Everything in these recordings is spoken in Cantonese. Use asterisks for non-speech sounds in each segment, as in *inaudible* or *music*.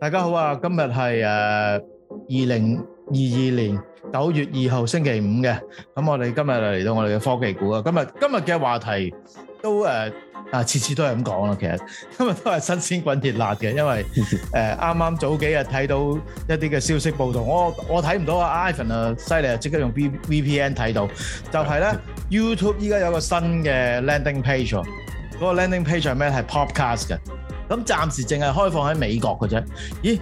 大家好啊！今日係誒二零二二年九月二號星期五嘅，咁我哋今日就嚟到我哋嘅科技估啊！今日今日嘅話題都誒啊次次都係咁講啦，其實今日都係新鮮滾熱辣嘅，因為誒啱啱早幾日睇到一啲嘅消息報道，我我睇唔到啊！Ivan 啊，犀利啊，即刻用 VPN 睇到，就係呢 YouTube 依家有個新嘅 landing page，嗰個 landing page 係咩？係 Podcast 嘅。咁暫時淨係開放喺美國嘅啫，咦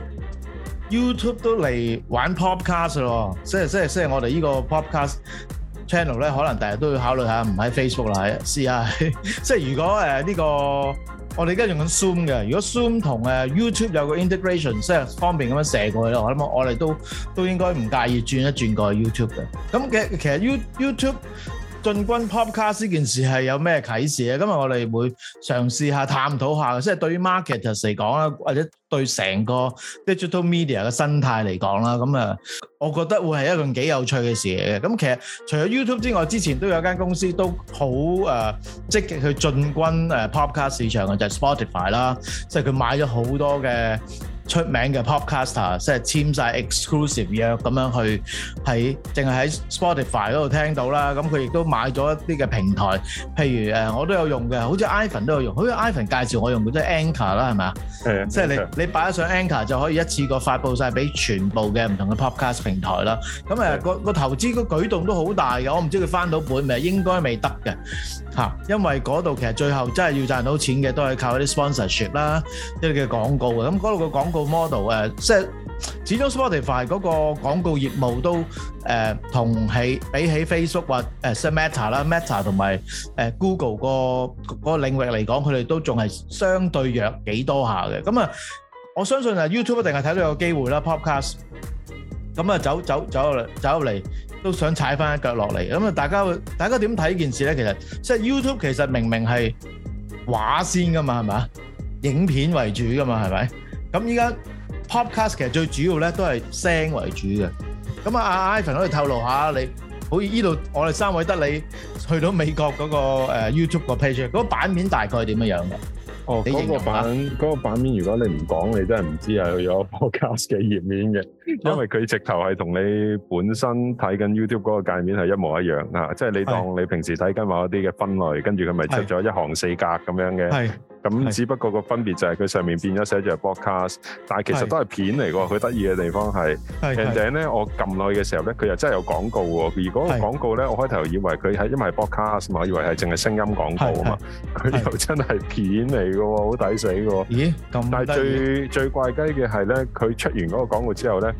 ？YouTube 都嚟玩 podcast 咯，即係即係即係我哋呢個 podcast channel 咧，可能第日都要考慮下，唔喺 Facebook 啦，係，試下，即係如果誒呢個我哋而家用緊 Zoom 嘅，如果 Zoom 同誒 YouTube 有個 integration，即係方便咁樣射過去，我諗我哋都都應該唔介意轉一轉過去 YouTube 嘅。咁其實其實 You YouTube 進軍 Podcast 呢件事係有咩啟示咧？今日我哋會嘗試下探討下，即係對於 Marketers 嚟講啦，或者對成個 Digital Media 嘅生態嚟講啦，咁啊，我覺得會係一個幾有趣嘅事嚟嘅。咁其實除咗 YouTube 之外，之前都有間公司都好誒、呃、積極去進軍誒 Podcast 市場嘅，就係、是、Spotify 啦，即係佢買咗好多嘅。出名嘅 podcaster，即係簽曬 exclusive 約咁樣去喺，淨係喺 Spotify 嗰度聽到啦。咁佢亦都買咗一啲嘅平台，譬如誒我都有用嘅，好似 Ivan 都有用。好似 Ivan 介紹我用嘅都係 Anchor 啦，係咪啊？係啊，即係你你擺咗上 Anchor 就可以一次過發布曬俾全部嘅唔同嘅 podcast 平台啦。咁誒個個投資個舉動都好大嘅，我唔知佢翻到本未，應該未得嘅。嚇，因為嗰度其實最後真係要賺到錢嘅，都係靠啲 sponsorship 啦，即係叫廣告嘅。咁嗰度嘅廣告 model、誒，即係始終 Spotify 嗰個廣告業務都誒，同起比起 Facebook 或誒 Meta、啦 Meta 同埋誒 Google 個嗰個領域嚟講，佢哋都仲係相對弱幾多下嘅。咁啊，我相信啊 YouTube 一定係睇到有機會啦，Podcast。咁啊，走走走入嚟，走入嚟都想踩翻一腳落嚟。咁啊，大家大家點睇呢件事咧？其實，即係 YouTube 其實明明係畫先噶嘛，係咪啊？影片為主噶嘛，係咪？咁依家 Podcast 其實最主要咧都係聲為主嘅。咁啊，阿 Ivan 可以透露下，你好似依度我哋三位得你去到美國嗰個誒 YouTube 個 page，嗰版面大概係點樣樣嘅？哦，你形容下，嗰個版嗰個版面，如果你唔講，你真係唔知係有 Podcast 嘅頁面嘅。因為佢直頭係同你本身睇緊 YouTube 嗰個界面係一模一樣啊！即係你當你平時睇緊某一啲嘅分類，跟住佢咪出咗一行四格咁樣嘅。係，咁只不過個分別就係佢上面變咗寫住係 podcast，但係其實都係片嚟㗎。佢得意嘅地方係，and then 咧，我撳落去嘅時候咧，佢又真係有廣告喎。如果廣告咧，我開頭以為佢係因為 podcast 嘛，以為係淨係聲音廣告啊嘛。佢又真係片嚟㗎喎，好抵死㗎喎！咦？咁但係最最怪雞嘅係咧，佢出完嗰個廣告之後咧。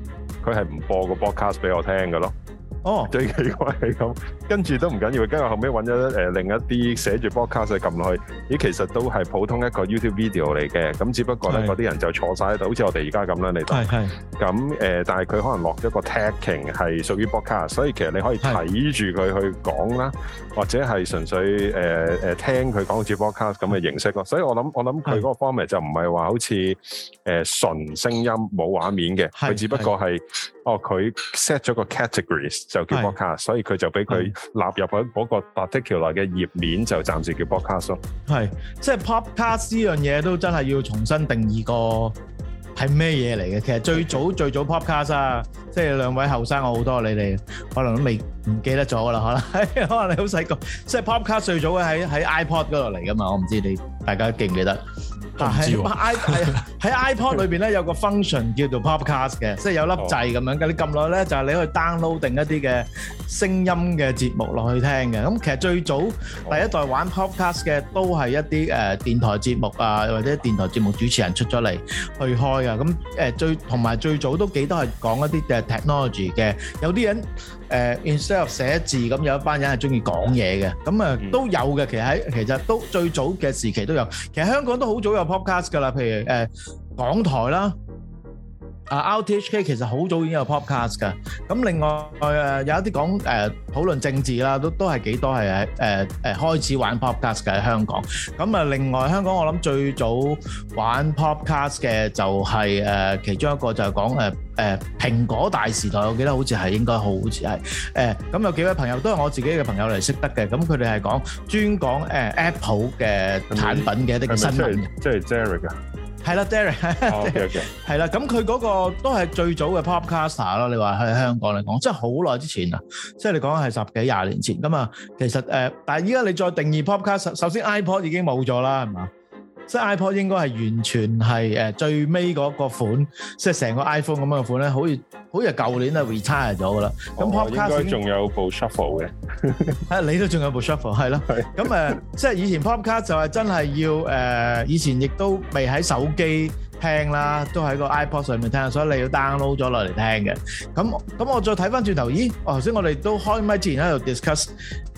佢係唔播個 broadcast 俾我聽噶咯。哦，最奇怪係咁，跟住都唔緊要，跟住後尾揾咗誒另一啲寫住 Podcast 嘅撳落去，咦，其實都係普通一個 YouTube video 嚟嘅，咁只不過咧嗰啲人就坐晒喺度，好似是 我哋而家咁啦，你當是是。係咁誒，但係佢可能落咗個 tagging 係屬於 Podcast，所以其實你可以睇住佢去講啦，是 或者係純粹誒誒、呃、聽佢講好似 Podcast 咁嘅形式咯。所以我諗我諗佢嗰個 format 就唔係話好似誒、呃、純聲音冇畫面嘅，佢是是 只不過係哦佢 set 咗個 categories。又叫 Podcast，所以佢就俾佢納入喺嗰個 particular 內嘅頁面，就暫時叫 Podcast 咯。係，即係 Podcast 呢樣嘢都真係要重新定義過係咩嘢嚟嘅。其實最早最早 Podcast 啊，即係兩位後生我好多你哋，可能都未唔記得咗啦。可能係，可能你好細個，即係 Podcast 最早嘅喺喺 iPod 嗰度嚟㗎嘛。我唔知你大家記唔記得？但係，喺喺 iPod 裏邊咧有個 function 叫做 podcast 嘅，即係有粒掣咁樣嘅。你撳落咧，就係你可以 download 定一啲嘅聲音嘅節目落去聽嘅。咁其實最早第一代玩 podcast 嘅都係一啲誒電台節目啊，或者電台節目主持人出咗嚟去開啊。咁誒最同埋最早都幾多係講一啲嘅 technology 嘅。有啲人誒 insert 寫字咁，有一班人係中意講嘢嘅。咁啊都有嘅，其實喺其實都最早嘅時期都有。其實香港都好早有。Podcast 㗎啦，譬如誒、呃、港台啦。啊，RTHK 其實好早已經有 podcast 㗎，咁另外誒有一啲講誒討論政治啦，都都係幾多係誒誒開始玩 podcast 嘅喺香港。咁啊，另外香港我諗最早玩 podcast 嘅就係誒其中一個就係講誒誒蘋果大時代，我記得好似係應該好似係誒咁有幾位朋友都係我自己嘅朋友嚟識得嘅，咁佢哋係講專講誒 Apple 嘅產品嘅一啲新聞，即係即係 Jerry 啊。係啦，Derek，係啦，咁佢嗰個都係最早嘅 podcaster 咯，你話喺香港嚟講，即係好耐之前啦，即係你講係十幾廿年前咁啊。那其實，呃，但係依家你再定義 podcast，首先 iPod 已經冇咗啦，係嘛？即係 iPod 應該係完全係誒、呃、最尾嗰個款，即係成個 iPhone 咁樣款咧，好似好似舊年就 retire 咗噶啦。咁、哦、Podcast 應該仲有部 shuffle 嘅，係、 *laughs* 啊、你都仲有部 shuffle 係咯。咁誒， *laughs* 即係以前 Podcast 就係真係要誒、呃，以前亦都未喺手機。聽啦，都喺個 iPod 上面聽，所以你要 download 咗落嚟聽嘅。咁咁我再睇翻轉頭，咦？我頭先我哋都開咪之前喺度 discuss，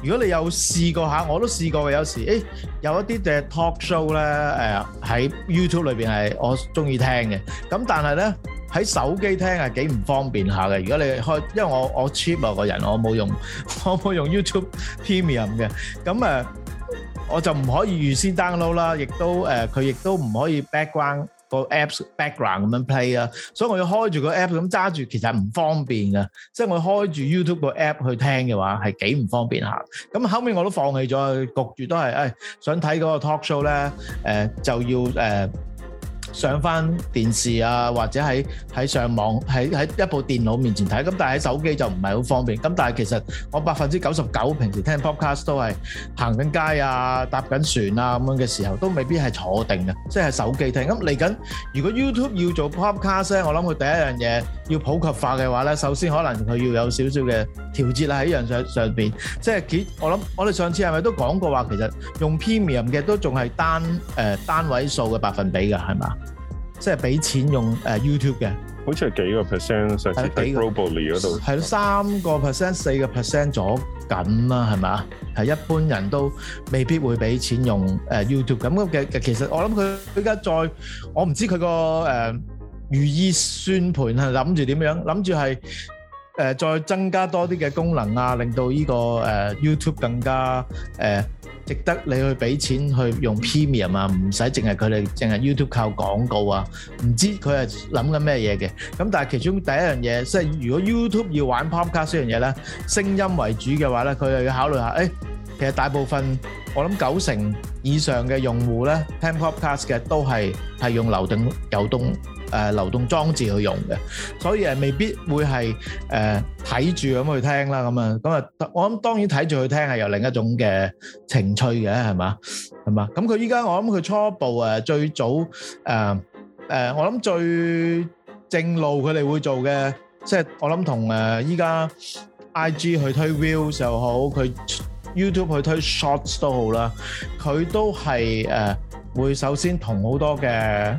如果你有試過下，我都試過嘅。有時誒有一啲嘅 talk show 咧，誒喺 YouTube 裏邊係我中意聽嘅。咁但係咧喺手機聽係幾唔方便下嘅。如果你開，因為我我 cheap 啊個人，我冇用，我冇用 YouTube Premium 嘅。咁誒我就唔可以預先 download 啦，亦都誒佢亦都唔可以 background。個 apps background 咁樣 play 啊，所以我要開住個 app 咁揸住，其實唔方便嘅。即係我開住 YouTube 個 app 去聽嘅話，係幾唔方便嚇。咁後面我都放棄咗，焗住都係誒想睇嗰個 talk show 咧，誒就要誒。呃上返電視啊，或者喺喺上網，喺喺一部電腦面前睇。咁但係喺手機就唔係好方便。咁但係其實我百分之九十九平時聽 Podcast 都係行緊街啊、搭緊船啊咁樣嘅時候，都未必係坐定嘅，即係手機聽。咁嚟緊，如果 YouTube 要做 Podcast 咧，我諗佢第一樣嘢要普及化嘅話咧，首先可能佢要有少少嘅調節喇喺呢樣上上邊。即係佢，我諗我哋上次係咪都講過話，其實用 Premium 嘅都仲係單誒單位數嘅百分比㗎，係嘛？即係俾錢用誒 YouTube 嘅，好似係幾個 percent，上次 Globally 嗰度係咯三個 percent、四個 percent 左右啦，係咪啊？係一般人都未必會俾錢用誒 YouTube 咁嘅。其實我諗佢而家再，我唔知佢個誒如意算盤係諗住點樣，諗住係誒再增加多啲嘅功能啊，令到呢個誒 YouTube 更加誒，值得你去俾錢去用 Premium 啊，唔使淨係佢哋淨係 YouTube 靠廣告啊，唔知佢係諗緊咩嘢嘅。咁但係其中第一樣嘢，即係如果 YouTube 要玩 Podcast 呢樣嘢咧，聲音為主嘅話咧，佢又要考慮下，誒其實大部分我諗九成以上嘅用戶咧聽 Podcast 嘅都係係用樓頂有東，誒流動裝置去用嘅，所以誒未必會係誒睇住咁去聽啦，咁啊，咁啊，我諗當然睇住去聽係有另一種嘅情趣嘅，係嘛，係嘛，咁佢依家我諗佢初步誒最早誒誒，我諗最正路佢哋會做嘅，即係我諗同誒依家 IG 去推 View 又好，佢 YouTube 去推 Shorts 都好啦，佢都係誒會首先同好多嘅。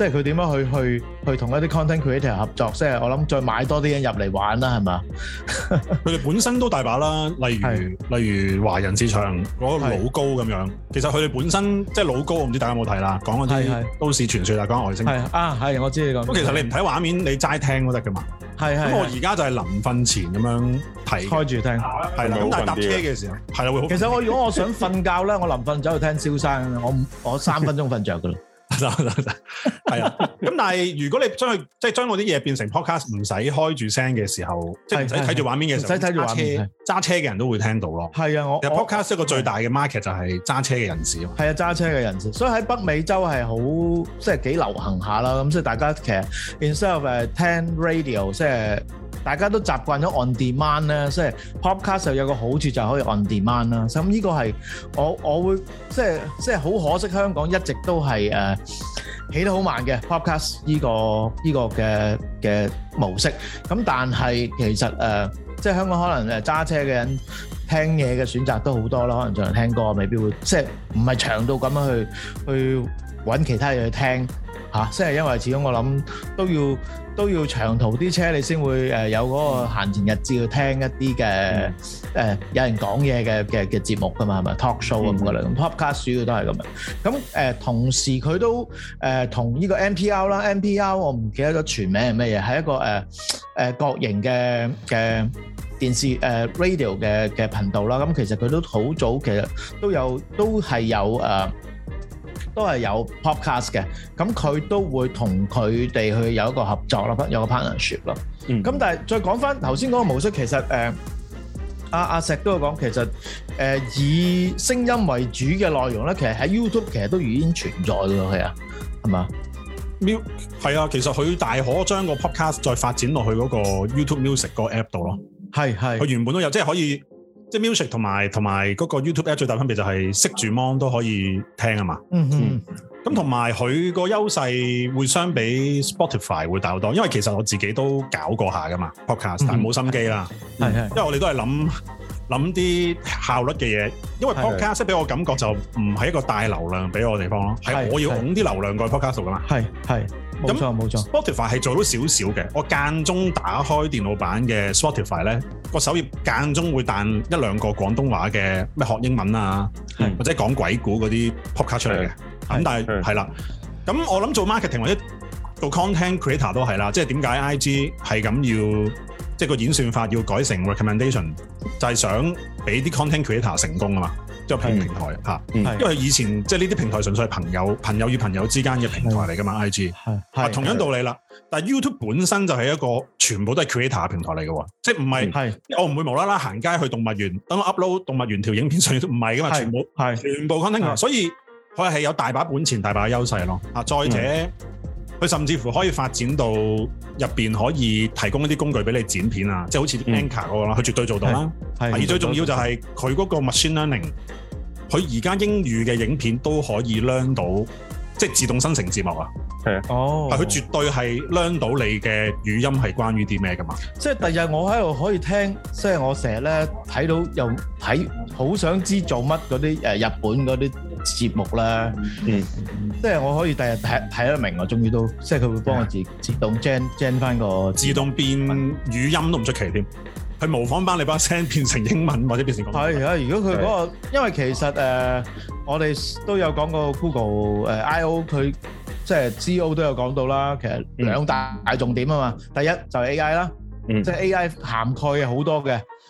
即係佢點樣去去去同一啲 content creator 合作？即係我諗再買多啲嘢入嚟玩啦，係嘛？佢哋本身都大把啦，例如例如華人市場嗰老高咁樣。其實佢哋本身即係老高，我唔知大家有冇睇啦，講嗰啲都市傳說啊，講外星人。啊，係我知你講。咁其實你唔睇畫面，你齋聽都得㗎嘛。係係。咁我而家就係臨瞓前咁樣睇，開住聽。係啦，咁但係搭車嘅時候，係啦會好。其實我如果我想瞓覺咧，我臨瞓走去聽蕭生，我我三分鐘瞓着㗎啦。係啊，咁 *laughs* 但係如果你將佢即係將我啲嘢變成 podcast，唔使開住聲嘅時候，即係唔使睇住畫面嘅時候，睇住畫面揸車嘅人都會聽到咯。係啊，我 podcast 我一個最大嘅 market 就係揸車嘅人士咯。係啊，揸車嘅人士，人士，所以喺北美洲係好即係幾流行下啦。咁所以大家其實，instead of 誒聽 radio 即係。大家都習慣咗 on demand 咧，即係 podcast 就有個好處就係可以 on demand 啦。咁呢個係我我會即係即係好可惜，香港一直都係誒起得好慢嘅 podcast 呢個呢個嘅嘅模式。咁但係其實誒即係香港可能誒揸車嘅人聽嘢嘅選擇都好多啦，可能就係聽歌，未必會即係唔係長到咁樣去去揾其他嘢去聽。嚇，即係因為始終我諗都要都要長途啲車，你先會誒有嗰個閒情日誌，去聽一啲嘅誒有人講嘢嘅嘅嘅節目㗎嘛，係咪 talk show 咁嘅啦，咁 podcast 嘅都係咁嘅。咁誒同時佢都誒同呢個 NPR 啦，NPR 我唔記得咗全名係乜嘢，係一個誒誒國營嘅嘅電視誒 radio 嘅嘅頻道啦。咁其實佢都好早，其實都有都係有誒。都係有 podcast 嘅，咁佢都會同佢哋去有一個合作咯，有個 partnership 咯。咁、嗯、但係再講翻頭先嗰個模式，其實誒阿阿石都有講，其實誒、呃、以聲音為主嘅內容咧，其實喺 YouTube 其實都已經存在㗎喎，係啊，係嘛？Music 係啊，其實佢大可將個 podcast 再發展落去嗰個 YouTube Music 個 app 度咯。係係，佢原本都有，即係可以。即係 music 同埋同埋嗰個 YouTube App 最大分別就係熄住 mon 都可以聽啊嘛，嗯哼，咁同埋佢個優勢會相比 Spotify 會大好多，因為其實我自己都搞過下㗎嘛 Podcast，、嗯、哼但係冇心機啦，係係、嗯哼，因為我哋都係諗。諗啲效率嘅嘢，因為 podcast 俾對我感覺就唔係一個大流量俾我嘅地方咯，係對我要擁啲流量過去 podcast 嘅嘛。係係，冇錯冇錯。Spotify 係沒錯 做到少少嘅，我間中打開電腦版嘅 Spotify 咧，個首頁間中會彈一兩個廣東話嘅咩學英文啊，對對對或者講鬼故嗰啲 podcast 出嚟嘅。咁對但係係啦，咁對我諗做 marketing 或者做 content creator 都係啦，即係點解 IG 係咁要？即係個演算法要改成 recommendation，就係想俾啲 content creator 成功啊嘛，即係譬如平台嚇，因為以前即係呢啲平台純粹係朋友、朋友與朋友之間嘅平台嚟㗎嘛，IG 係同樣道理啦。但係 YouTube 本身就係一個全部都係 creator 平台嚟㗎喎，即係唔係？係是我唔會無啦啦行街去動物園等我 upload 動物園條影片上，都唔係㗎嘛，全部係是全部 content。所以佢係有大把本錢、大把優勢咯。啊，再者。嗯佢甚至乎可以發展到入邊可以提供一啲工具俾你剪片啊，即係好似 Anchor 嗰個啦、嗯，佢、那個、絕對做到啦。而最重要就係佢嗰個 machine learning，佢而家英語嘅影片都可以 learn 到，即係自動生成字幕啊。係啊是，哦，佢絕對係 learn 到你嘅語音係關於啲咩噶嘛。即係第日我喺度可以聽，即係我成日咧睇到又睇，好想知做乜嗰啲誒日本嗰啲。節目啦，嗯，即係我可以第日睇，睇得明，我終於都，即係佢會幫我自動 gen 翻個自動變語音都唔出奇添，佢模仿翻你把聲變成英文或者變成講。係啊，如果佢嗰、那個，的因為其實誒、呃，我哋都有講過 Google 誒、呃、IO，佢即係 GO 都有講到啦。其實兩大重點啊嘛，嗯、第一就係 AI 啦，嗯、即係 AI 涵蓋好多嘅。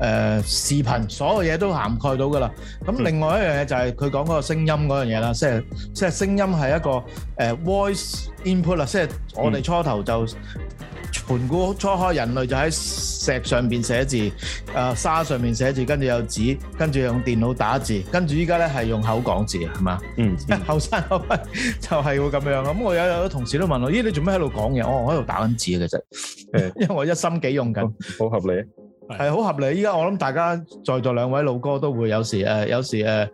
誒視頻，所有嘢都涵蓋到噶啦。咁另外一樣嘢就係佢講嗰個聲音嗰樣嘢啦，即係即係聲音係一個誒 voice input 啦。即係我哋初頭就盤古初開人類就喺石上邊寫字，誒沙上邊沙上面寫字，跟住有紙，跟住用電腦打字，跟住依家咧係用口講字，係嘛？嗯，後生後生就係會咁樣。咁我有有啲同事都問我：咦，你做咩喺度講嘢？我喺度打緊字啊，其實。誒，因為我一心幾用緊。好合理。係好合理，依家我諗大家在座兩位老哥都會有時誒，有時誒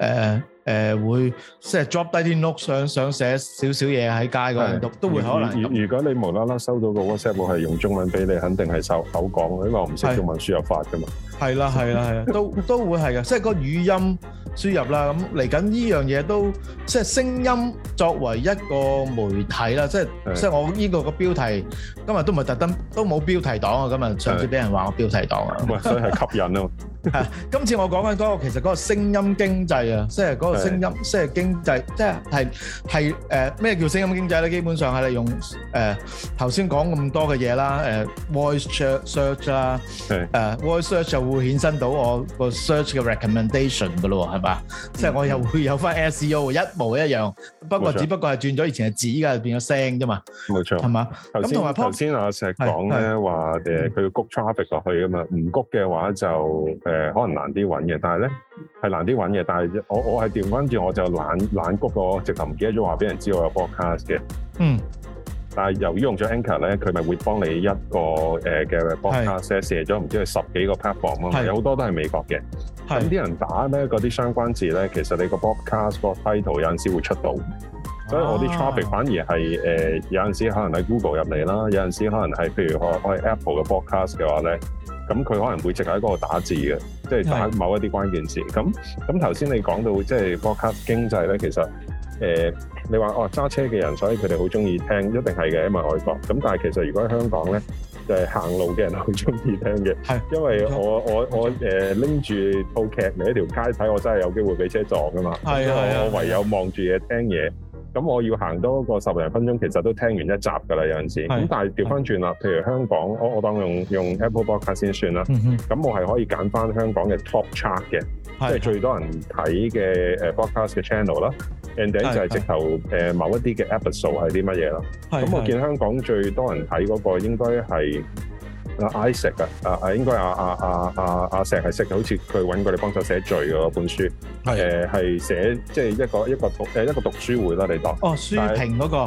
誒誒會即係 drop 低啲 note 上想寫少少嘢喺街嗰度讀，的都會可能如。如果你無啦啦收到個 WhatsApp，我係用中文俾你，肯定係受口講嘅，因為我唔識中文輸入法㗎嘛。係啦，係啦，係啊，都都會係嘅，即係個語音輸入啦，咁嚟緊呢樣嘢都即係聲音作為一個媒體啦，即係即係我呢個個標題今日都唔係特登，都冇標題黨啊，今日上次俾人話我標題黨啊，咁啊所以係吸引囉，係今次我講緊嗰個其實嗰個聲音經濟啊，即係嗰個聲音即係經濟，即係係係誒咩叫聲音經濟咧？基本上係利用誒頭先講咁多嘅嘢啦，誒 voice search 啦，誒 voice search 又。會衍生到我個 search 嘅 recommendation 嘅咯喎，係嘛？即係我又會有翻 SEO 一模一樣，不過只不過係轉咗以前係紙，而家變咗聲啫嘛。冇錯，係嘛？咁同埋頭先阿石講咧話，誒佢要谷 traffic 落去嘅嘛，唔谷嘅話就誒可能難啲揾嘅。但係咧係難啲揾嘅，但係我我係調翻轉，我就懶懶谷個直頭唔記得咗話俾人知我有 podcast 嘅。嗯。但係由於用咗 Anchor 咧，佢咪會幫你一個誒嘅、呃、Podcast 涉咗唔知十幾個 platform 咯是，有好多都係美國嘅。咁啲是人打咧嗰啲相關字咧，其實你個 Podcast 個 title 有陣時會出到，啊、所以我啲 traffic 反而係誒、呃、有陣時可能喺 Google 入嚟啦，有陣時可能係譬如我我係 Apple 嘅 Podcast 嘅話咧，咁佢可能會直接喺嗰度打字嘅，即係打某一啲關鍵字。咁咁頭先你講到即係 Podcast 經濟咧，其實。誒、呃，你話哦揸車嘅人，所以佢哋好中意聽，一定係嘅，因為外國。咁但係其實如果喺香港咧，就係、是、行路嘅人好中意聽嘅，的因為我、嗯、我、嗯、我誒拎住套劇嚟一條街睇，我真係有機會俾車撞噶嘛，因為的我唯有望住嘢聽嘢。咁我要行多個十零分鐘，其實都聽完一集㗎啦，有陣時。咁是的 但係調翻轉啦，是的 譬如香港，我我當用用 Apple Podcast 先算啦。咁、嗯、哼 我係可以揀翻香港嘅 Top Chart 嘅，即係是的 最多人睇嘅誒 Podcast 嘅 channel 啦。是的 and then 是的 就係直頭誒某一啲嘅 episode 數係啲乜嘢啦。咁我見香港最多人睇嗰個應該係。阿阿石啊，啊啊應該阿阿阿阿阿石係識好似佢揾我哋幫手寫序嘅嗰本書，係誒係寫即係一個一個讀誒一個讀書會啦，你當哦書評嗰個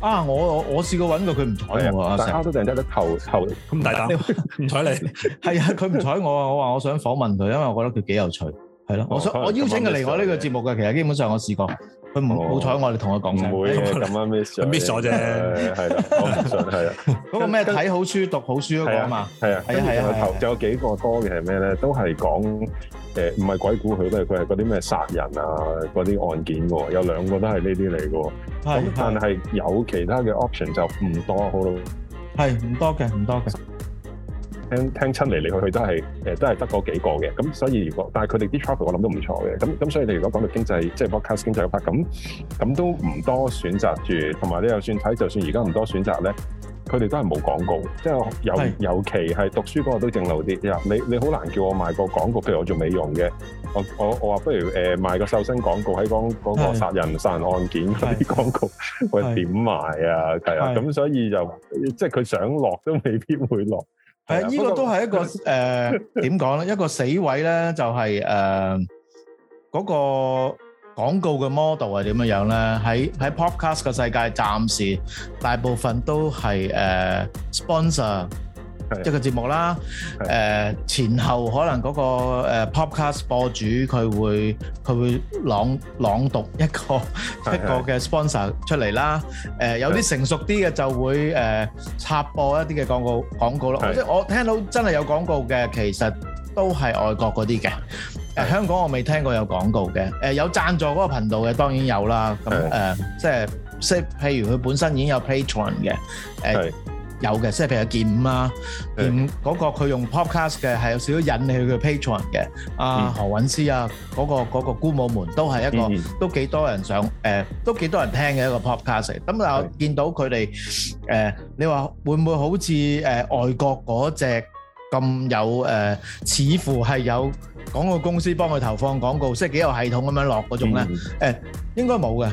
啊，我我試過揾過佢唔睬我喎，阿石都定得頭頭咁大膽唔睬你，係啊佢唔睬我啊，我話我想訪問佢，因為我覺得佢幾有趣，係咯，我想我邀請佢嚟我呢個節目嘅，其實基本上我試過。佢好彩我哋，同佢講唔會嘅咁樣 miss 咗啫，係啦，唔信，係啦，嗰個咩睇好書讀好書嗰個啊嘛，係啊，係啊，係啊，頭就有幾個多嘅係咩咧？都係講誒，唔係鬼故佢，都係佢係嗰啲咩殺人啊嗰啲案件嘅喎，有兩個都係呢啲嚟嘅喎，咁但係有其他嘅 option 就唔多好咯，係唔多嘅，唔多嘅。聽聽親嚟嚟去去都係誒，都係得嗰幾個嘅。咁所以如果，但係佢哋啲 travel 我諗都唔錯嘅。咁咁所以你如果講到經濟，即係 Podcast 經濟嗰 part，咁咁都唔多選擇住。同埋你又算睇，就算而家唔多選擇咧，佢哋都係冇廣告。即係尤尤其係讀書嗰個都正路啲。係啊，你你好難叫我賣個廣告。譬如我做美容嘅，我我我話不如誒賣個瘦身廣告，喺講嗰個殺人殺人案件嗰啲廣告，我點賣啊？係啊，咁所以就即係佢想落都未必會落。係，呢、嗯，這個都係一個誒，點講咧？一個死位呢，就係、是、誒，嗰、呃那個廣告嘅 model 啊，點樣樣咧？喺喺 Podcast 嘅世界，暫時大部分都係 sponsor。呃 Sp 一個節目啦，誒、呃、前後可能嗰、那個、呃、podcast 播主佢會佢會朗朗讀一個 *laughs* 一個嘅 sponsor 出嚟啦，誒、呃、有啲成熟啲嘅就會誒、呃、插播一啲嘅廣告廣告咯，即係的我聽到真係有廣告嘅，其實都係外國嗰啲嘅，誒的香港我未聽過有廣告嘅，誒、呃、有贊助嗰個頻道嘅當然有啦，咁誒、呃、即係即係譬如佢本身已經有 Patreon 嘅，誒、呃。有嘅，即係譬如阿健吾啊，健吾嗰個佢用 podcast 嘅，係有少少引起佢 Patreon 嘅。阿何韻詩啊，嗰個嗰個姑母們都係一個，都幾多人上誒，都幾多人聽嘅一個 podcast。咁但係我見到佢哋誒，你話會唔會好似誒外國嗰隻咁有誒，似乎係有廣告公司幫佢投放廣告，即係幾有系統咁樣落嗰種咧？誒，應該冇嘅。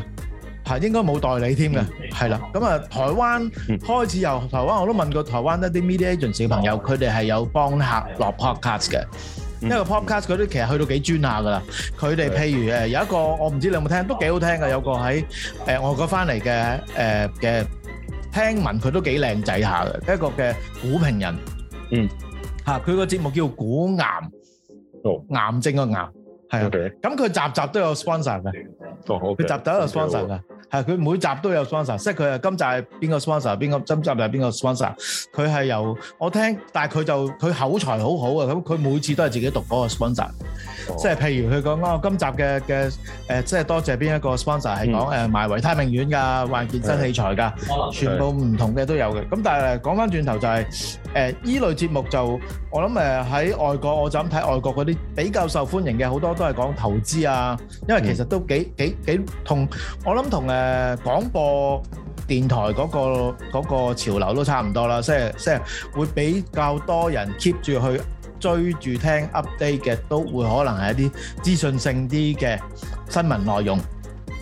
嚇應該冇代理添嘅，係啦。咁啊，台灣開始由台灣我都問過台灣一啲 media agency 小朋友，佢哋係有幫客落 podcast 嘅，因為 podcast 佢都其實去到幾專下噶啦。佢哋譬如誒有一個我唔知你有冇聽，都幾好聽嘅。有個喺誒外國翻嚟嘅誒嘅，聽聞佢都幾靚仔下嘅一個嘅股評人。嗯，嚇佢個節目叫股癌。哦，癌症個癌係啊。咁佢集集都有 sponsor 嘅，佢集集都有 sponsor 嘅。係佢每集都有 sponsor，即係佢啊今集係邊個 sponsor，邊個今集又係邊個 sponsor。佢係由我聽，但係佢就佢口才好好啊。咁佢每次都係自己讀嗰個 sponsor。即係譬如佢講啊，今集嘅嘅誒，即係多謝邊一個 sponsor 係講誒賣維他命丸㗎，賣健身器材㗎，全部唔同嘅都有嘅。咁但係講翻轉頭就係。誒依類節目就我諗誒喺外國，我就咁睇外國嗰啲比較受歡迎嘅，好多都係講投資啊，因為其實都幾幾幾同我諗同誒廣播電台嗰個嗰個潮流都差唔多啦，即係即係會比較多人 keep 住去追住聽 update 嘅，都會可能係一啲資訊性啲嘅新聞內容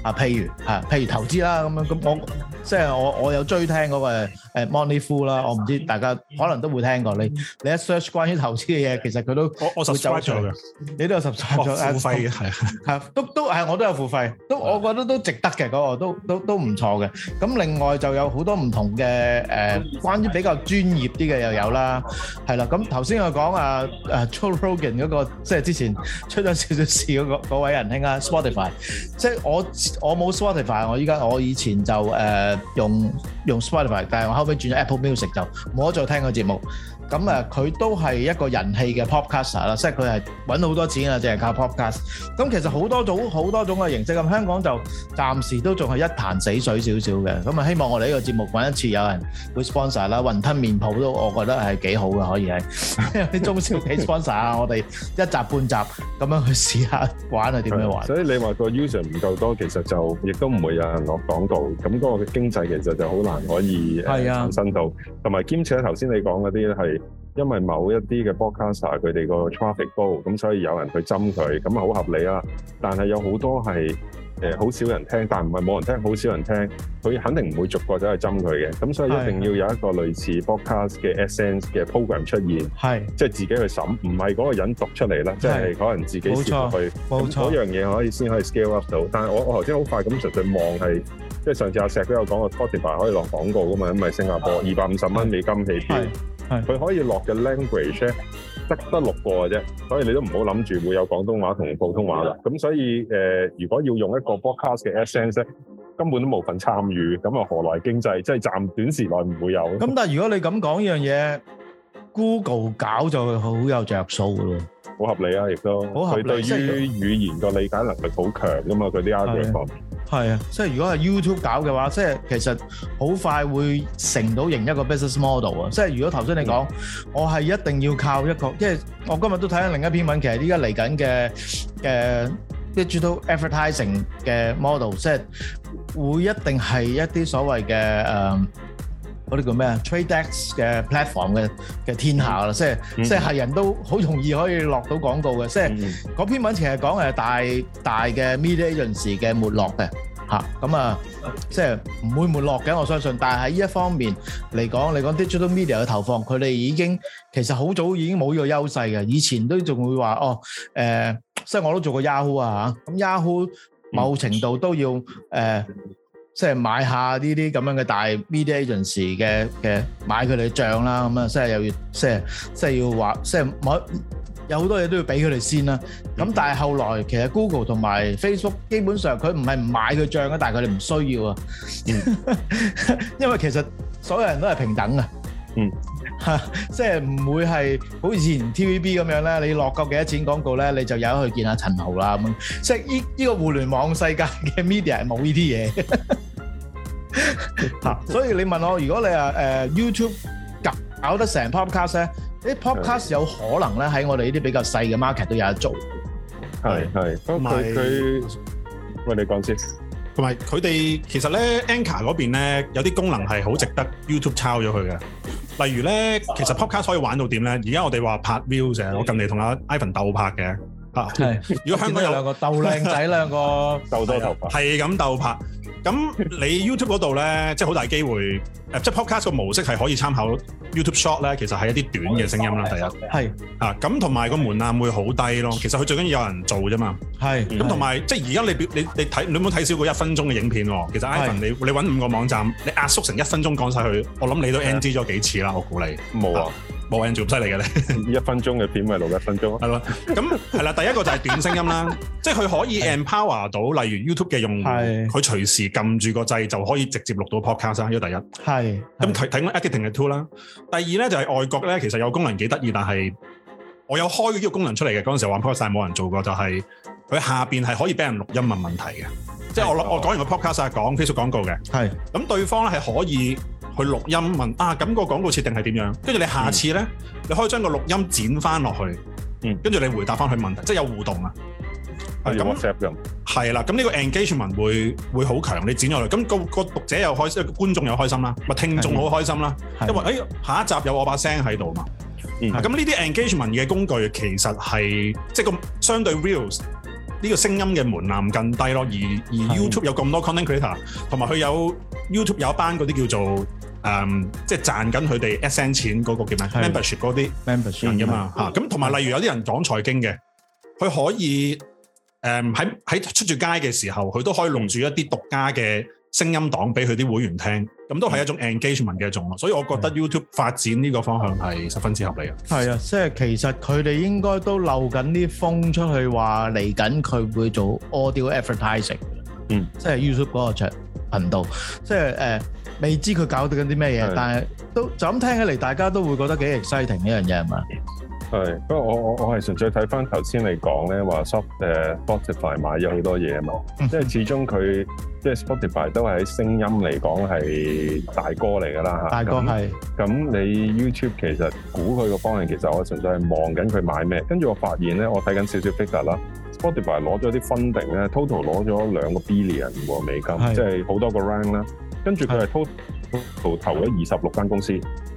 啊，譬如啊譬如投資啦咁樣，咁我即係我我有追聽嗰個。誒 MoneyFull 啦，我唔知大家可能都會聽過，你你一 search 關於投資嘅嘢，其實佢都我我 subscribe 咗嘅，你都有 subscribe 咗啊？付費嘅係，係都都係我都有付費，都我覺得都值得嘅，嗰個都都都唔錯嘅。咁另外就有好多唔同嘅誒，關於比較專業啲嘅又有啦，係啦。咁頭先我講啊誒 Joe Rogan 嗰個即係之前出咗少少事嗰個嗰位仁兄啊，Spotify，即係我我冇 Spotify，我依家我以前就誒用用 Spotify，但係我後佢轉咗 Apple Music 就冇得再聽個節目。咁誒，佢都係一個人氣嘅 podcaster 啦，即係佢係揾好多錢啊，淨係靠 podcast。咁其實好多種好多種嘅形式，咁香港就暫時都仲係一潭死水少少嘅。咁啊，希望我哋呢個節目玩一次，有人 sponsor 啦，雲吞麵鋪都我覺得係幾好嘅，可以係有啲中小企 sponsor 啊。我哋一集半集咁樣去試下玩啊，點樣玩？所以你話個 user 唔夠多，其實就亦都唔會有人落廣告，咁嗰個經濟其實就好難可以產生到。同埋兼且頭先你講嗰啲係。因為某一啲嘅 podcast 佢哋個 traffic ball，咁所以有人去針佢，咁啊好合理啦。但係有好多係誒好少人聽，但唔係冇人聽，好少人聽，佢肯定唔會逐個走去針佢嘅。咁所以一定要有一個類似 podcast 嘅 essence 嘅 program 出現，係的即係自己去審，唔係嗰個人讀出嚟啦，即係可能自己去，冇錯，冇錯，嗰樣嘢可以先可以 scale up 到。但係我我頭先好快咁純粹望係，即係上次阿石都有講個 topic 牌可以落廣告噶嘛，因為新加坡二百五十蚊美金起跳。係，佢是可以落嘅 language 得得六個嘅啫，所以你都唔好諗住會有廣東話同普通話啦。咁的所以誒、呃，如果要用一個 podcast 嘅 essence，根本都冇份參與，咁啊何來經濟？即係暫短時內唔會有。咁但係如果你咁講呢樣嘢，Google 搞就好有著數嘅喎，好合理啊，亦都佢、啊、對於語言嘅理解能力好強噶嘛，佢啲 AI e 方面。係是啊，即係如果係 YouTube 搞嘅話，即係其實好快會成到型一個 business model 啊！即係如果頭先你講，嗯、我係一定要靠一個，即係我今日都睇緊另一篇文，其實依家嚟緊嘅嘅 digital advertising 嘅 model，即係會一定係一啲所謂嘅誒。呃嗰啲叫咩啊？TradeX 嘅 platform 嘅嘅天下啦，即係即係客人都好容易可以落到廣告嘅。即係嗰篇文其實講誒大大嘅 media agency 嘅沒落嘅嚇，咁啊即係唔會沒落嘅，我相信。但係喺呢一方面嚟講，你講 digital media 嘅投放，佢哋已經其實好早已經冇呢個優勢嘅。以前都仲會話哦誒，即係我都做過 Yahoo 啊嚇，咁 Yahoo 某程度都要誒。即係買下呢啲咁樣嘅大 media agency 嘅、嘅買佢哋賬啦，咁啊，即係又要即係即係要話，即係買有好多嘢都要俾佢哋先啦。咁但係後來其實 Google 同埋 Facebook 基本上佢唔係唔買佢賬啊，但係佢哋唔需要啊，因為其實所有人都係平等啊，嗯，吓，即係唔會係好似以前 TVB 咁樣咧，你落夠幾多錢廣告咧，你就有得去見下陳豪啦咁。即係呢呢個互聯網世界嘅 media 係冇呢啲嘢。吓， *laughs* 所以你問我，如果你話誒、呃、YouTube 搞得成 Podcast 咧，啲 Podcast 有可能咧喺我哋呢啲比較細嘅 market 都有得做。係係的，同埋佢，喂你講先，同埋佢哋其實咧 Anchor 嗰邊咧有啲功能係好值得 YouTube 抄咗佢嘅。例如咧，其實 Podcast 可以玩到點咧？而家我哋話拍 View，我近嚟同阿 Ivan 鬥拍嘅啊。係的，如果香港有兩個鬥靚仔，兩 *laughs* 兩個 *laughs* 鬥多頭髮的，係咁鬥拍。 *laughs* 咁你 YouTube 度咧，即係好大機會，誒即係 Podcast 個模式係可以參考 YouTube Short 咧，其實係一啲短嘅聲音啦，第一係是啊，咁同埋個門檻會好低咯。其實佢最緊要有人做啫嘛，係咁同埋即係而家你表你你睇，你有冇睇少過一分鐘嘅影片喎。其實 Ivan，是你你揾五個網站，你壓縮成一分鐘講晒佢，我諗你都 NG 咗幾次啦。我估你冇啊，冇 NG 咁犀利嘅咧。呢一分鐘嘅片咪錄一分鐘咯，係咯。 *laughs* 咁係啦，第一個就係短聲音啦， *laughs* 即係佢可以 empower 到，例如 YouTube 嘅用，佢隨是時。撳住個掣就可以直接錄到 podcast，呢個第一。係。咁睇睇 Editing 嘅 tool 啦。第二咧就係外國咧，其實有功能幾得意，但係我有開呢個功能出嚟嘅。嗰陣時玩 podcast 冇人做過，就係、是、佢下邊係可以俾人錄音問問題嘅。即係我的我講完個 podcast 係講 Facebook 廣告嘅，係是。咁對方咧係可以去錄音問啊，咁、那個廣告設定係點樣？跟住你下次咧，嗯、你可以將個錄音剪翻落去，嗯，跟住你回答翻佢問題，嗯、即係有互動啊。係咁，係啦、嗯，咁呢個 engagement 會會好強，你剪咗落去，咁、嗰個、嗰個讀者又開心，觀眾又開心啦，咪聽眾好開心啦，的因為哎的、欸、下一集有我把聲喺度嘛，咁呢啲、嗯啊、engagement 嘅工具其實係即係個相對 Reels 呢個聲音嘅門檻更低咯，而而 YouTube 有咁多 content creator，同埋佢有，有 YouTube 有一班嗰啲叫做誒、嗯，即係賺緊佢哋 SN 錢嗰個叫咩的 membership 嗰啲人㗎嘛，嚇、嗯，咁同埋例如有啲人講財經嘅，佢可以。誒喺喺出住街嘅時候，佢都可以弄住一啲獨家嘅聲音檔俾佢啲會員聽，咁都係一種 engagement 嘅一種咯。所以我覺得 YouTube 發展呢個方向係十分之合理嘅。係啊，即係其實佢哋應該都漏緊啲風出去，話嚟緊佢會做 audio advertising，嗯，即係 YouTube 嗰個頻道，即係誒、呃，未知佢搞到緊啲咩嘢，的但係都就咁聽起嚟，大家都會覺得幾 Exciting 呢樣嘢係嘛？係，不過我我我係純粹睇翻頭先你講咧，話 soft 誒 Spotify 買咗好多嘢啊嘛，嗯、因為始終佢即係 Spotify 都喺聲音嚟講係大哥嚟㗎啦嚇，大哥係。咁你 YouTube 其實估佢個方向，其實我純粹係望緊佢買咩。跟住我發現咧，我睇緊少少 figure 啦，Spotify 攞咗啲 financing，total 攞咗兩個 billion 和美金，是即係好多個 rank 啦。跟住佢係鋪。投咗二十六間公司，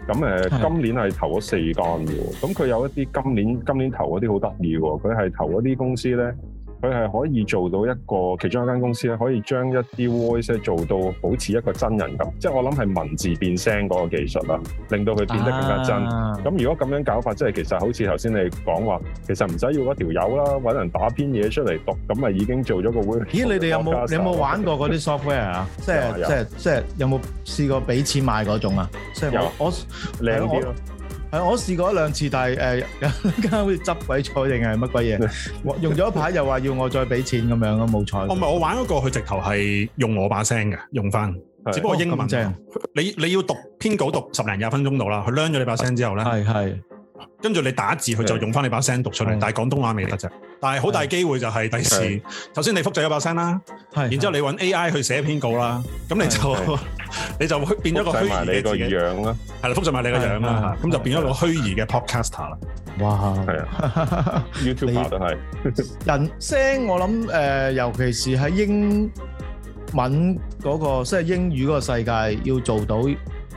嗯、今年係投咗四間嘅，咁、嗯、佢有一啲今年今年投嗰啲好得意喎，佢係投嗰啲公司咧。佢係可以做到一個其中一間公司咧，可以將一啲 voice 做到好似一個真人咁，即係我諗係文字變聲嗰個技術啊，令到佢變得更加真。咁、啊、如果咁樣搞法，即係其實好似頭先你講話，其實唔使要嗰條友啦，揾人打篇嘢出嚟讀，咁咪已經做咗個。咦？你哋有冇你有冇玩過嗰啲 software 啊？即係即係即係有冇試過俾錢買嗰種啊？即係有？我靚啲我試過一兩次，但係誒有間好似執鬼彩定係乜鬼嘢， *laughs* 用咗一排又話要我再俾錢咁樣咯，冇彩。 *laughs* 我唔係我玩嗰個，佢直頭係用我把聲嘅，用返，的只不過英文正。哦就是、你你要讀篇稿讀十零廿分鐘度啦，佢孏咗你把聲之後呢。跟住你打字，佢就用翻你把聲讀出嚟。但係廣東話未得啫。但係好大機會就係第時，首先你複製一把聲啦，係。然之後你揾 AI 去寫一篇稿啦，咁你就你就變咗個虛擬嘅自己。複製埋你個樣啦，係啦，複製埋你個樣啦，吓，咁就變咗個虛擬嘅 Podcaster 啦。哇！係啊，YouTuber 都係。人聲我諗誒，尤其是喺英文嗰個，即係英語嗰個世界，要做到。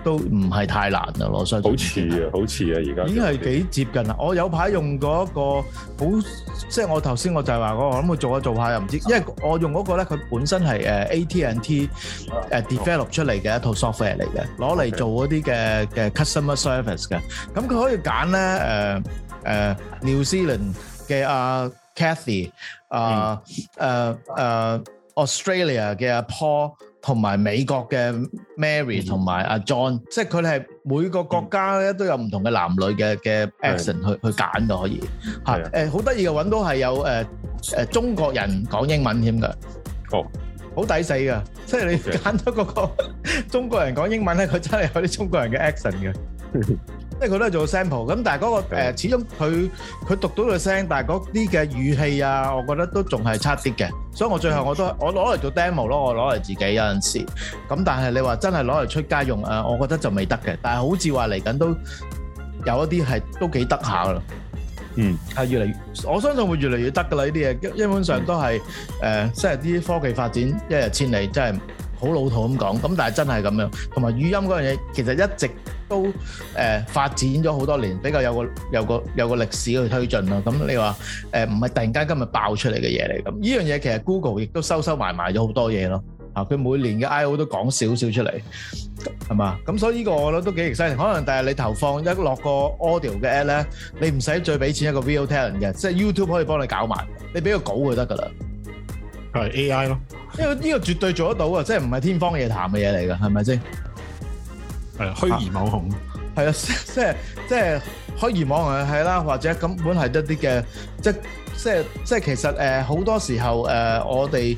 都唔係太難啊！攞出，好似啊，好似啊，而家已經係幾接近啦。我有排用過一個好，即係我頭先我就係話我諗去做下做下又唔知，因為我用嗰個咧，佢本身係誒 AT&T 誒 develop 出嚟嘅一套 software 嚟嘅，攞嚟做嗰啲嘅嘅 customer service 嘅。咁佢可以揀咧誒誒 New Zealand 嘅阿 Kathy，啊誒誒 Australia 嘅阿 Paul，同埋美國嘅。Mary 同埋阿 John，即係佢哋係每個國家咧都有唔同嘅男女嘅嘅 action 去去揀就可以嚇，誒好得意嘅，揾到係有誒誒中國人講英文添㗎，好好抵死㗎，即係你揀咗嗰個中國人講英文咧，佢真係有啲中國人嘅 action 嘅。即係佢都係做 sample，咁但係嗰個誒始終佢佢讀到個聲，但係嗰啲嘅語氣啊，我覺得都仲係差啲嘅。所以我最後我都係我攞嚟做 demo 咯，我攞嚟自己有陣時。咁但係你話真係攞嚟出街用啊，我覺得就未得嘅。但係好似話嚟緊都有一啲係都幾得下㗎啦。嗯，係越嚟越我相信會越嚟越得㗎啦呢啲嘢，基本上都係誒，即係啲科技發展一日千里真係。好老土咁講，咁但係真係咁樣，同埋語音嗰樣嘢其實一直都誒發展咗好多年，比較有個有個有個歷史去推進啦。咁你話誒唔係突然間今日爆出嚟嘅嘢嚟。咁呢樣嘢其實 Google 亦都收收埋埋咗好多嘢咯。啊，佢每年嘅 I/O 都講少少出嚟，係嘛？咁所以呢個我覺得都幾犀利。可能但係你投放一落個 audio 嘅 app 咧，你唔使再俾錢一個 video talent 嘅，即係 YouTube 可以幫你搞埋，你俾個稿就得㗎啦。係 AI 咯，呢個呢個絕對做得到啊！即係唔係天方夜譚嘅嘢嚟㗎，係咪先？係虛擬網紅，係啊，即係即係虛擬網紅係啦，或者根本係一啲嘅，即即即其實誒，好多時候誒，我哋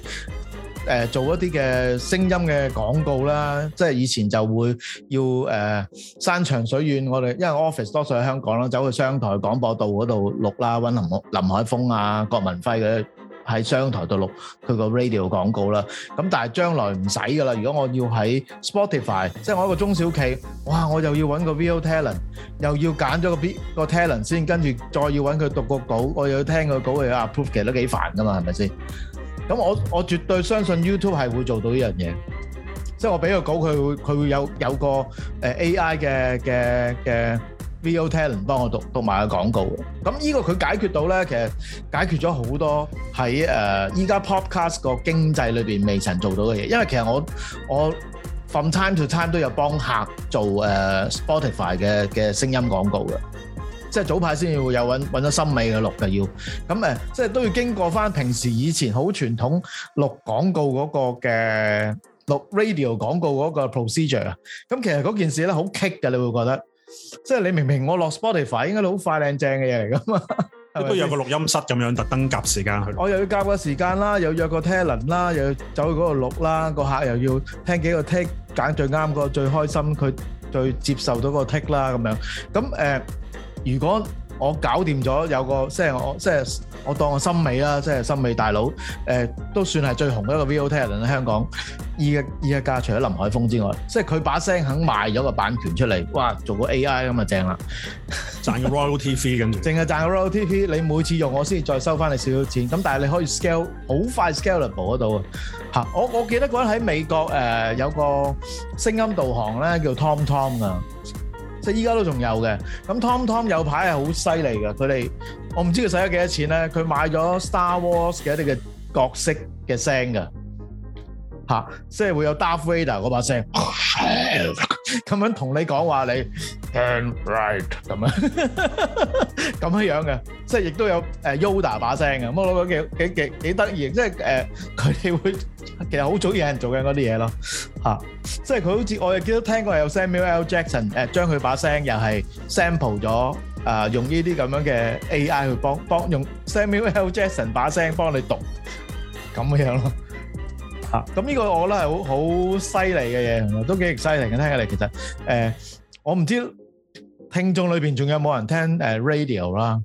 誒做一啲嘅聲音嘅廣告啦，即係以前就會要誒山長水遠，我哋因為 office 多數喺香港啦，走去商台廣播道嗰度錄啦，搵林林海峰啊、郭文輝嘅。喺商台度錄佢個 radio 廣告啦，咁但係將來唔使噶啦。如果我要喺 Spotify，即係我一個中小企，哇，我又要揾個 video talent，又要揀咗個邊個 talent 先，跟住再要揾佢讀個稿，我又要聽個稿有 approve 嘅，都幾煩噶嘛，係咪先？咁我我絕對相信 YouTube 係會做到呢樣嘢，即係我俾個稿佢會佢會有有個誒 AI 嘅嘅嘅。Video talent 幫我讀讀埋個廣告，咁依個佢解決到咧，其實解決咗好多喺誒依家 Podcast 個經濟裏邊未曾做到嘅嘢。因為其實我我 from time to time 都有幫客做誒 Spotify 嘅嘅聲音廣告嘅，即係早排先會有揾揾咗森美嘅錄嘅要，咁誒即係都要經過翻平時以前好傳統錄廣告嗰個嘅錄 radio 廣告嗰個 procedure。咁其實嗰件事咧好棘嘅，你會覺得。即係你明明我落 Spotify 應該好快靚正嘅嘢嚟㗎嘛，都要有個錄音室咁樣特登夾時間去。我又要夾個時間啦，又要約個 talent 啦，又要走去嗰度錄啦，個客又要聽幾個 take，揀最啱個最開心佢最接受到個 take 啦，咁樣。咁誒，如果。我搞掂咗有個，即係我即係我當我森美啦，即係森美大佬，誒都算係最紅一個 Voice Talent 喺香港。而而家價除咗林海峯之外，即係佢把聲肯賣咗個版權出嚟，哇！做個 AI 咁啊正啦，賺個 royalty 咁。淨係賺個 royalty，你每次用我先至再收翻你少少錢。咁但係你可以 scale，好快 scalable 得到啊！嚇，我我記得嗰陣喺美國誒有個聲音導航咧，叫 Tom Tom 啊。即係依家都仲有嘅，咁 Tom Tom 有牌係好犀利嘅，佢哋我唔知佢使咗幾多錢咧，佢買咗 Star Wars 嘅一啲角色嘅聲嘅。嚇，即係會有 Darth Vader 嗰把聲，咁樣同你講話你，咁樣咁樣樣嘅，即係亦都有誒 Yoda 把聲嘅，咁我諗到幾幾幾幾得意，即係誒佢哋會其實好早有人做緊嗰啲嘢咯，嚇，即係佢好似我亦記得聽過有 Samuel L. Jackson 誒將佢把聲又係 sample 咗啊，用呢啲咁樣嘅 AI 去幫幫用 Samuel L. Jackson 把聲幫你讀咁嘅樣咯。咁呢個我覺得係好好犀利嘅嘢，都幾犀利嘅。聽起嚟，其實誒、呃，我唔知聽眾裏邊仲有冇人聽誒、呃、radio 啦，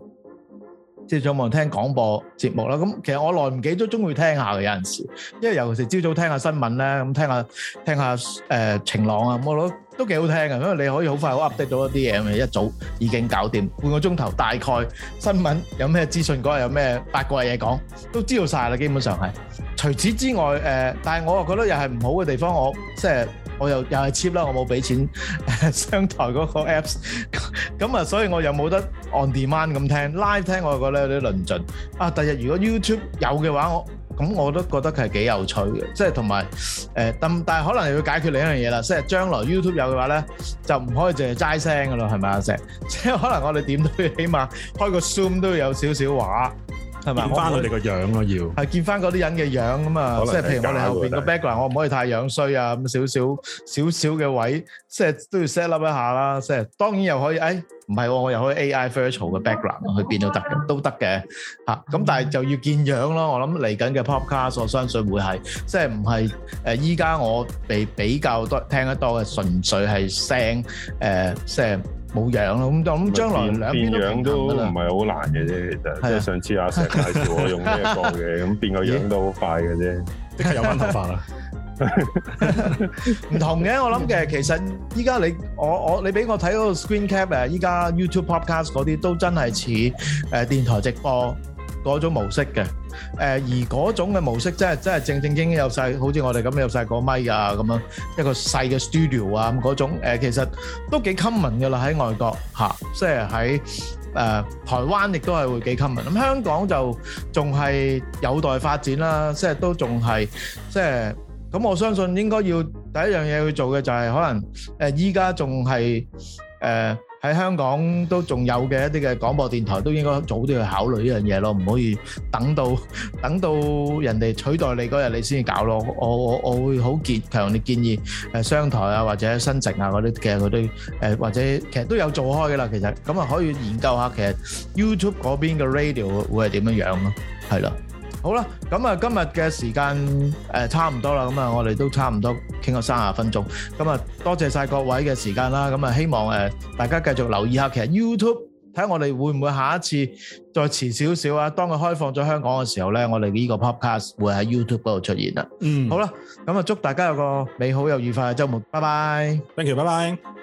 即係仲有冇人聽廣播節目啦？咁其實我耐唔幾都中意聽下嘅，有陣時，因為尤其是朝早聽下新聞咧，咁聽下聽下誒、呃、晴朗啊，冇、嗯、咯。都幾好聽啊！因為你可以好快好 update 到一啲嘢，咪一早已經搞掂。半個鐘頭大概新聞有咩資訊，嗰日有咩八卦嘢講，都知道晒啦。基本上係除此之外，誒，但係我又覺得又係唔好嘅地方，我即係我又又係 cheap 啦，我冇俾錢商台嗰個 apps，咁啊，所以我又冇得 on demand 咁聽 live 聽，我又覺得有啲論盡啊！第日如果 YouTube 有嘅話，我咁我都覺得佢係幾有趣嘅，即係同埋誒，但但係可能要解決另一樣嘢啦，即係將來 YouTube 有嘅話呢，就唔可以淨係齋聲嘅咯，係咪啊？阿 Sir，即係即係可能我哋點都要，起碼開個 Zoom 都要有少少畫。係咪見翻佢哋個樣咯，要係見翻嗰啲人嘅樣咁啊，即係譬如我哋後邊個 background，我唔可以太樣衰啊，咁少少少少嘅位，即係都要 set up 一下啦。set 當然又可以，誒唔係，我又可以 AI virtual 嘅 background 去變都得嘅，都得嘅嚇。咁但係就要見樣咯。我諗嚟緊嘅 podcast，我相信會係即係唔係誒？依家我比比較多聽得多嘅，純粹係聲誒聲。冇樣咯，咁、嗯、咁變將來變樣都唔係好難嘅啫，其實、啊、即係上次阿石介紹我用呢一個嘅，咁 *laughs* 變個樣都好快嘅啫， *laughs* 即刻有翻頭髮啦。唔 *laughs* *laughs* *laughs* 同嘅，我諗嘅其實依家你我我你俾我睇嗰個 screen cap 誒，依家 YouTube podcast 嗰啲都真係似誒電台直播。嗰種模式嘅，誒、呃、而嗰種嘅模式真係，真係即係正正經經有曬，好似我哋咁有曬個咪啊咁樣，一個細嘅 studio 啊，咁嗰種、呃、其實都幾 common 嘅啦，喺外國嚇、啊，即係喺、呃、台灣亦都係會幾 common。咁、嗯、香港就仲係有待發展啦，即係都仲係即係咁，我相信應該要第一樣嘢要做嘅就係可能誒依家仲係喺香港都仲有嘅一啲嘅廣播電台都應該早啲去考慮呢樣嘢咯，唔可以等到等到人哋取代你嗰日你先至搞咯。我我我會好強烈啲建議誒商台啊或者新城啊嗰啲嘅嗰啲誒或者其實都有做開噶啦，其實咁啊可以研究下其實 YouTube 嗰邊嘅 radio 會係點樣樣咯，係啦。好啦，咁啊，今日嘅時間誒差唔多啦，咁啊，我哋都差唔多傾咗三十分鐘，咁啊，多謝曬各位嘅時間啦，咁啊，希望誒大家繼續留意下，其實 YouTube 睇我哋會唔會下一次再遲少少啊？當佢開放咗香港嘅時候咧，我哋呢個 Podcast 會喺 YouTube 嗰度出現啦。嗯，好啦，咁啊，祝大家有個美好又愉快嘅週末，拜拜，Thank you，拜拜。